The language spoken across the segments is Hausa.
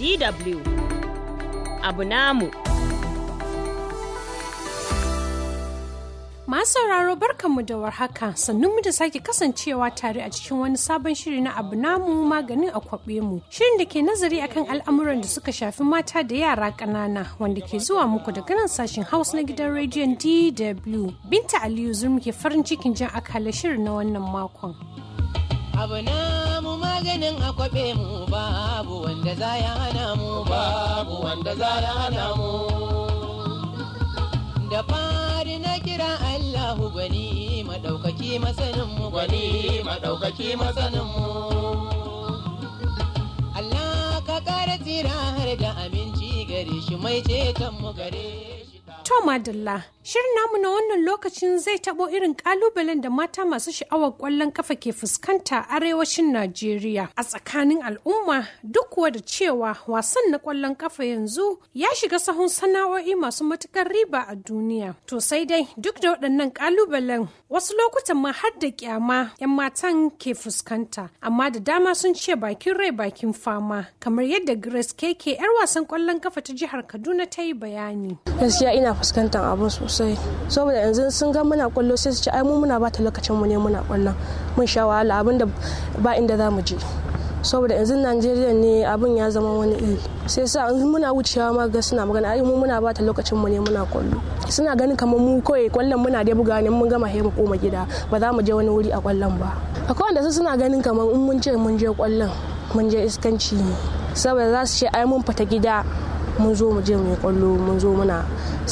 DW abu namu. Masu sauraro barkanmu da warhaka mu da sake kasancewa tare a cikin wani sabon shiri na abu namu maganin a kwaɓe mu. Shirin da ke nazari akan al'amuran da suka shafi mata da yara ƙanana wanda ke zuwa muku daga nan sashen House na gidan rediyon DW. Binta Aliyu Zurmi ke farin cikin jan akalar shirin na wannan makon. abu na mu maganin akwabe mu babu wanda za ya hana mu babu wanda za ya hana mu da fari na kira Allahu gani madaukaki masanin mu gani madaukaki masanin mu Allah ka kara tsira har da aminci gare shi mai ceton mu gare shi To Madalla, shirin namu na wannan lokacin zai tabo irin kalubalen da mata masu sha'awar kwallon kafa ke fuskanta arewacin Najeriya a tsakanin al'umma duk kuwa da cewa wasan na kwallon kafa yanzu ya shiga sahun sana'o'i masu matukar riba a duniya. To sai dai duk da waɗannan kalubalen wasu lokutan ma har da kyama 'yan matan ke fuskanta amma da dama sun ce bakin rai bakin fama kamar yadda Grace KK, 'yar wasan kwallon kafa ta jihar Kaduna ta yi bayani. Gaskiya ina fuskantar abu sosai saboda yanzu sun ga muna kwallo sai su ce ai mu muna ba ta lokacin mu ne muna kwallon mun sha wahala abin da ba inda za mu je saboda yanzu najeriya ne abin ya zama wani iri sai sa muna wucewa ma ga suna magana ai mu muna ba ta lokacin mu ne muna kwallo suna ganin kamar mu kawai kwallon muna dai buga ne mun gama he mu koma gida ba za mu je wani wuri a kwallon ba akwai wanda su suna ganin kamar in mun ce mun je kwallon mun je iskanci ne saboda za su ce ai mun fita gida mun zo mu je mu yi kwallo mun zo muna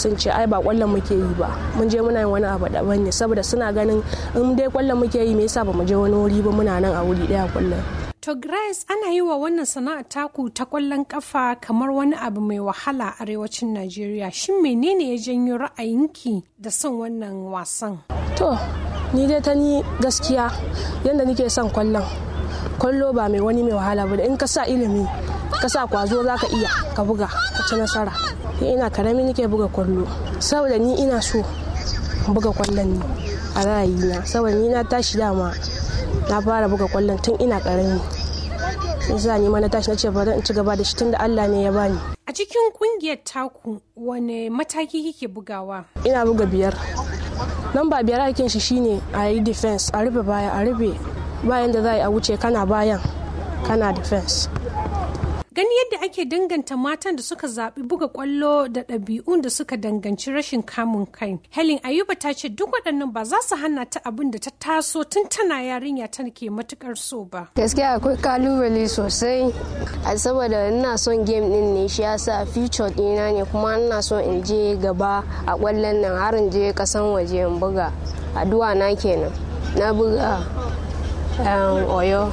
sun ce ai ba kwallon muke yi ba mun je muna yin wani abu daban ne saboda suna ganin in dai kwallon muke yi me yasa ba mu je wani wuri ba muna nan a wuri daya kwallon To Grace ana yi wa wannan sana'a taku ta kwallon kafa kamar wani abu mai wahala a arewacin Najeriya. Shin menene ya janyo ra'ayinki da son wannan wasan? To, ni dai ta ni gaskiya yadda nike son kwallon. Kwallo ba mai wani mai wahala ba in ka sa ilimi ka sa kwazo za ka iya ka buga ka ci nasara ina karami nake buga kwallo saboda ni ina so buga kwallon ne a ra'ayina saboda ni na tashi dama na fara buga kwallon tun ina karami za ni ma na tashi na ce bari in ci gaba da shi tun da Allah ne ya bani a cikin kungiyar taku wane mataki kike bugawa ina buga biyar lamba biyar aikin shi shine a yi defense a rufe baya a rufe bayan da za a wuce kana bayan kana defense Gani yadda ake danganta matan da suka zaɓi buga ƙwallo da ɗabi'un da suka danganci rashin kamun kai. Helen Ayuba ta ce duk waɗannan ba za su hana ta abin da ta taso tun tana yarinya ta ke matukar so ba. Gaskiya akwai kalubale sosai a saboda ina son game ɗin ne shi ya sa future ɗina ne kuma ina so in je gaba a ƙwallon nan har in je ƙasan waje in buga. Addu'a na kenan. Na buga um, oyo.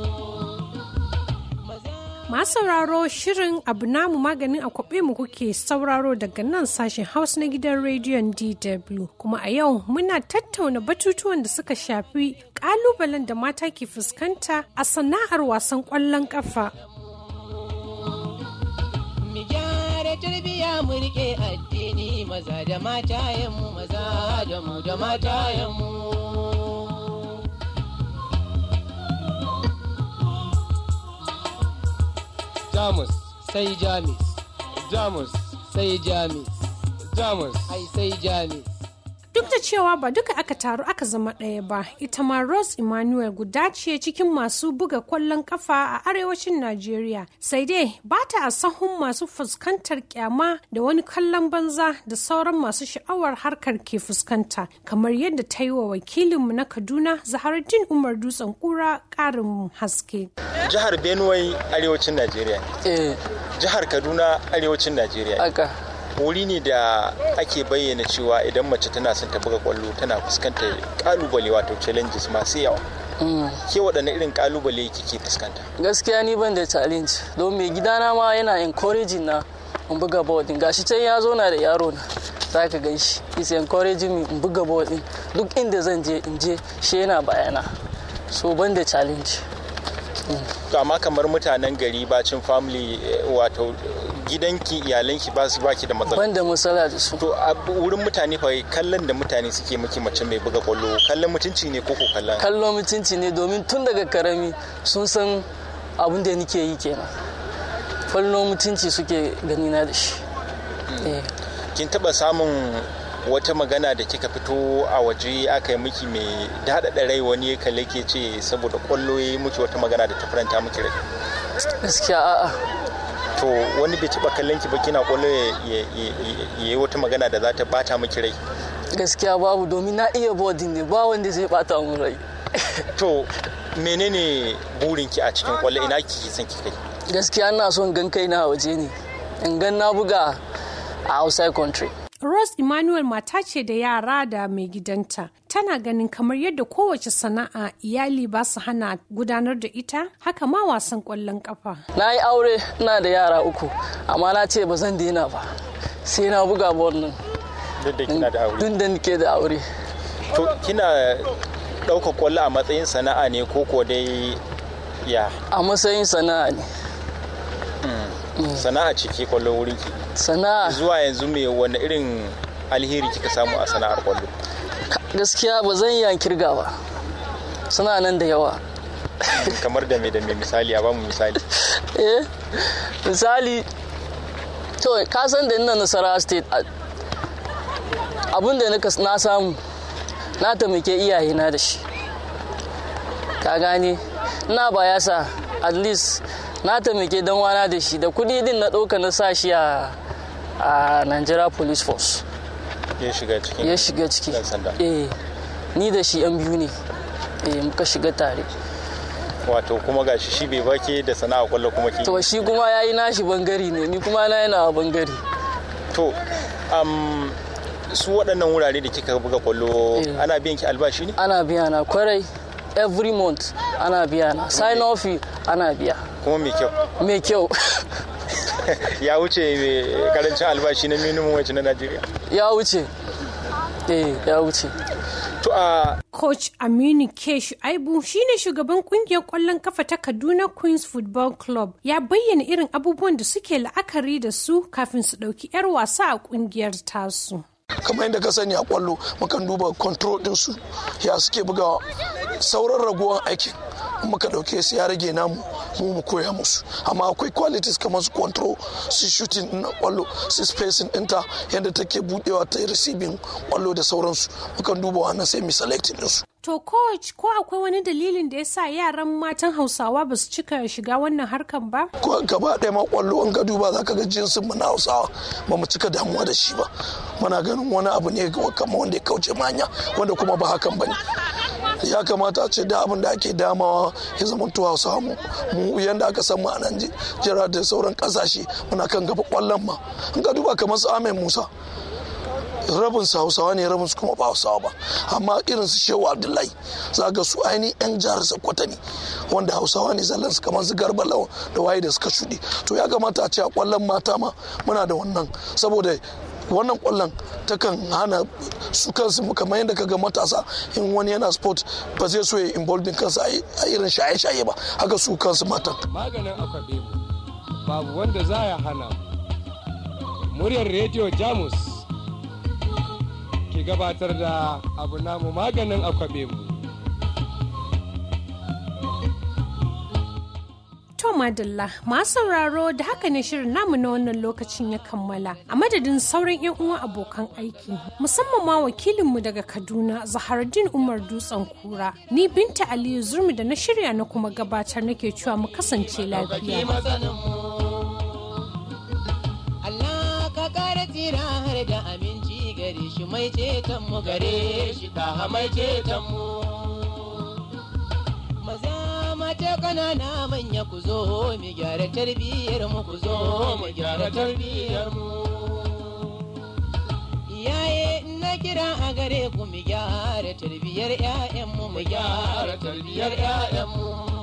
Masu sauraro shirin abu namu maganin a kwabe mu kuke sauraro daga nan sashen Hausa na gidan rediyon DW. Kuma a yau muna tattauna batutuwan da suka shafi ƙalubalen da mata ke fuskanta a sana'ar wasan ƙwallon ƙafa. tarbiyya mu riƙe addini maza Jamus sai jamis Jamus sai jamis Jamus ai sai jamis Duk da cewa ba duka aka taru aka zama ɗaya ba, ita ma Rose Emmanuel guda ce cikin masu buga kwallon kafa a arewacin Najeriya. Sai dai ba ta a sahun masu fuskantar kyama da wani kallon banza da sauran masu sha'awar harkar ke fuskanta, kamar yadda ta yi wa wakilinmu na Kaduna Zaharuddin Umar Dutsen Kura ƙarin haske. Jihar Benue arewacin Najeriya. Eh. Jihar Kaduna arewacin Najeriya. wuri ne da ake bayyana cewa idan mace tana son ta buga kwallo tana fuskantar kalubale wato challenges masu yawa mm. ke waɗanne irin kalubale kike fuskanta gaskiya ni ban da challenge don mai gidana ma yana encouraging na in buga ball gashi can ya zo na da yaro na za ka gan shi is encouraging in buga ball din duk inda zan je in je shi yana bayana so ban da challenge mm. amma kamar mutanen gari bacin family eh, wato gidanki iyalanki ba su baki da matsala ban da matsala da su to a wurin mutane fa kallon da mutane suke miki mace mai buga kwallo kallon mutunci ne ko ko kallon kallon mutunci ne domin tun daga karami sun san abin da nake yi kenan kallon mutunci suke gani na da shi hmm. eh. kin taba samun wata magana da kika fito a waje aka yi miki mai daɗaɗa rai wani ya kalle ke ce saboda kwallo ya yi miki wata magana da ta faranta miki rai gaskiya a'a to wani bai taba kallon ki ba kina kwallo ya yi wata magana da za ta bata miki rai gaskiya babu domin na iya bodin ne ba wanda zai bata mu rai to menene ki a cikin kwallo ina ki son ki kai gaskiya ina son gan kai na waje ne in gan na buga a outside country Rose Emmanuel mata ce da yara da mai gidanta. Tana ganin kamar yadda kowace sana'a iyali ba su hana gudanar da ita, haka ma wasan kwallon kafa. Na yi aure na da yara uku, amma na ce ba zan daina ba. Sai na buga wannan. Duk da kina da aure. da nike da aure. To kina ɗaukar kwallo a matsayin sana'a ne ko ko dai ya? A matsayin sana'a ne. sana'a ce ke kwallon wurin ki sana'a zuwa yanzu me wanda irin alheri kika samu a sana'ar kwallo gaskiya ba zan iya kirga ba suna nan da yawa kamar da me da me misali a ba mu misali eh misali to ka san da ina nasara state abin da na samu na taimake iyayena da shi ka gane ina ba yasa at least na taimake dan wana da shi da kudi din na ɗauka na sa shi a nigeria police force ya shiga ciki ya shiga ciki eh ni da shi yan biyu ne eh muka shiga tare wato kuma gashi shi bai baki da sana'a kwallo kuma ke. to shi kuma yayi nashi bangare ne ni kuma na yana bangare to um, su waɗannan wurare da kika buga kwallo eh. ana biyan ki albashi ne ana biya na kwarai every month ana biya na sign off ana biya kuma mai kyau mai kyau ya wuce karancin albashi na minimum wage na Najeriya ya wuce eh ya wuce Coach Aminu K. shi shine shugaban kungiyar kwallon kafa ta Kaduna Queens Football Club ya bayyana irin abubuwan da suke la'akari da su kafin su ɗauki 'yar wasa a kungiyar tasu. kamar yadda ka sani a kwallo mukan duba control din su ya suke bugawa sauran ragowar aikin muka dauke su ya rage namu mu mu koya musu amma akwai qualities kamar su control su shooting na kwallo su spacing ɗinta yadda take budewa ta receiving kwallo da sauransu mukan duba wannan sai mi selecting din su To coach ko akwai wani dalilin da ya sa yaran matan Hausawa ba su cika shiga wannan harkan ba? Ko gaba ɗaya ma kwallo an gado ba za ka ga jinsin mu na Hausawa ba mu cika damuwa da shi ba. Muna ganin wani abu ne kamar wanda ya kauce manya wanda kuma ba hakan ba ne. ya kamata ce da abin da ake damawa ya zama to Hausawa mu yanda aka san mu a jira da sauran kasashe muna kan gaba kwallon ma An duba kamar su amen musa rabin su hausawa ne rabin su kuma ba hausawa ba amma irin su shehu abdullahi za ga su aini yan jihar sokoto ne wanda hausawa ne zallan su kamar su garba lawan da waye da suka shuɗe to ya kamata a ce a kwallon mata ma muna da wannan saboda wannan kwallon takan hana su kansu kamar yadda ga matasa in wani yana sport ba zai so ya involving kansa a irin shaye-shaye ba haka su kansu matan maganin akwabe babu wanda za ya hana muryar rediyo jamus ki gabatar da abu namu maganin akwabe mu. madalla masu sauraro da haka ne shirin namu na wannan lokacin ya kammala a madadin sauran 'yan uwa abokan aiki musamman ma wakilinmu daga Kaduna zaharuddin Umar Dutsen Kura ni Binta Aliyu Zurmi da na shirya na kuma gabatar nake cewa mu kasance lafiya. shi mai ceton mu gare shi ta mai ceton mu maza mata kanana manya ku zo mu gyara tarbiyyar mu ku zo mu gyara tarbiyyar mu iyaye na kira a gare ku mu gyara tarbiyyar 'ya'yan mu mu gyara tarbiyyar 'ya'yan mu